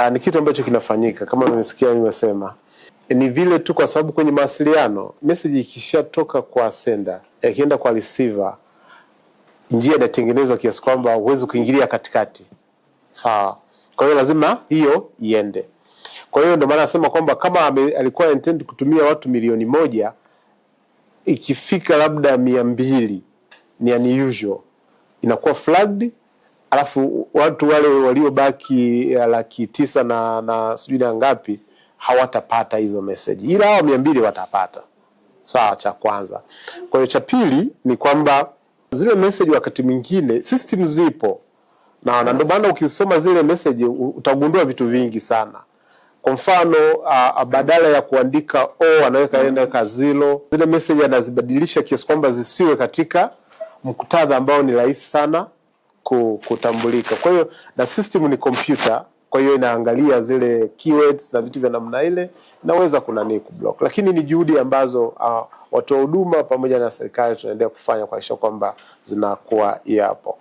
Ah, ni kitu ambacho kinafanyika kama nimesikia nimesema ni vile tu, kwa sababu kwenye mawasiliano message ikishatoka kwa senda ikienda kwa receiver, njia inatengenezwa kiasi kwamba huwezi kuingilia katikati, sawa? Kwa hiyo lazima hiyo iende. Kwa hiyo ndio maana nasema kwamba kama alikuwa intend kutumia watu milioni moja, ikifika labda mia mbili ni unusual, inakuwa flagged alafu watu wale waliobaki eh, laki tisa na, na sijui na ngapi hawatapata hizo meseji, ila hawa mia mbili watapata. Sawa, cha kwanza. Kwa hiyo cha pili ni kwamba zile meseji wakati mwingine system zipo na ndio maana ukisoma zile meseji utagundua vitu vingi sana. Kwa mfano badala ya kuandika o anaweka enda ka zilo, zile meseji anazibadilisha kiasi kwamba zisiwe katika mkutadha ambao ni rahisi sana kutambulika. Kwa hiyo na system ni kompyuta, kwa hiyo inaangalia zile keywords na vitu vya namna ile, naweza kunani kublock, lakini ni juhudi ambazo uh, ah, watoa huduma pamoja na serikali tunaendelea kufanya kuhakikisha kwamba zinakuwa yapo.